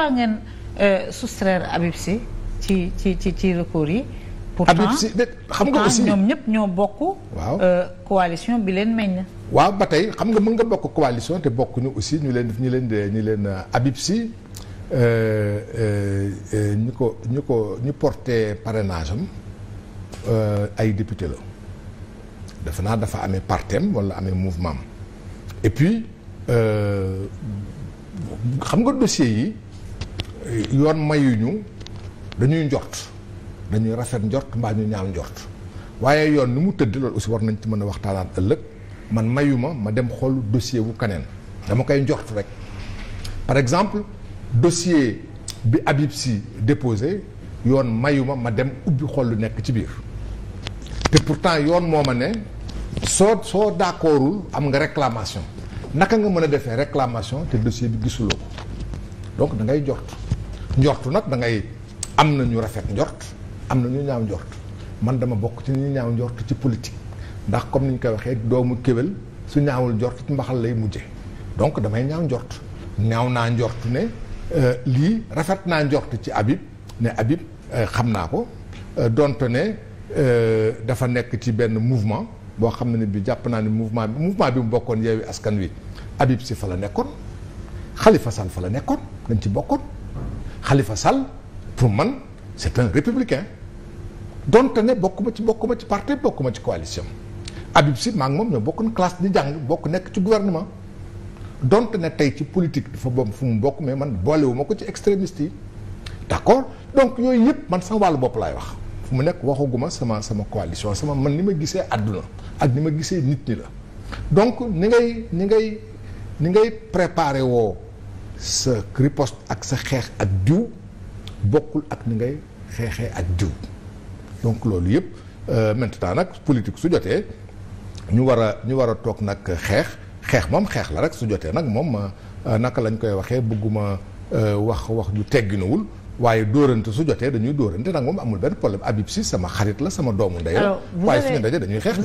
pourquoi ngeen eh, soustraire Habib Sy ci ci ci ci recours yi. Habib Sy xam nga aussi ñoom ñëpp ñoo bokk. waaw eh, coalition bi leen meññ. waaw ba tey xam nga mën nga bokk coalition te bokkuñu aussi ñu leen ñu leen ñu leen eh, Habib Sy ñu ko ñu ko ñu porté parrainage am ay député la dafa naa dafa amee partem walla amee mouvement et puis xam nga dossier yi. yoon mayuñu dañuy njort dañuy rafet njort mbaa ñu ñaaw njort waaye yoon ni mu tëdd loolu aussi war nañ ci mën a waxtaanaat ëllëg man mayuma ma dem xool dossier bu kaneen dama koy njort rek par exemple dossier bi Habib Sy déposé yoon mayuma ma dem ubbi xool lu nekk ci biir te pourtant yoon moo ma ne soo soo d'accordul am nga réclamation naka nga mën a defee réclamation te dossier bi gisuloo ko donc da ngay jort njortu nag dangay am na ñu rafet njort am na ñu ñaaw njort man dama bokk ci ñu ñaaw njort ci politique ndax comme ni ñu koy waxee doomu kéwél su ñaawul njort ci mbaxal lay mujje donc damay ñaaw njort ñaaw naa njort ne euh, lii rafet naa njort ci Habib ne Habib euh, xam naa ko euh, donte ne dafa nekk ci benn mouvement boo xam ne bi jàpp naa ne mouvement bi mouvement bi mu bokkoon yeewi askan wi Habib si fa la nekkoon Khalifa Sall fa la nekkoon dañ ci bokkoon Khalifa Sall pour man c'est un républicain donte ne ma ci bokkuma ci parti bokkuma ci coalition Habib Sy maa moom ñoo bokkoon classe di jàng bokk nekk ci gouvernement dont ne tey ci politique dafa boom fu mu bokk mais man boolewuma ko ci extrémiste yi d'accord donc yooyu yëpp man sama wàllu bopp laay wax fu mu nekk waxaguma sama sama coalition sama man ni ma gisee àdduna ak ni ma gisee nit ñi la donc ni ngay ni ngay ni ngay préparer woo sa riposte ak sa xeex ak diw bokkul ak ni ngay xeexee ak diw donc loolu yëpp euh, maintenant nag politique su jotee ñu war a ñu war a toog nag xeex xeex moom xeex la rek su jotee nag moom euh, naka lañ koy waxee bëgguma euh, wax wax ju tegginuwul waaye dóorante su jotee dañuy dóorante nag moom amul benn problème Habib si sama xarit la sama doomu ndey la waaye suñu daje dañuy xeex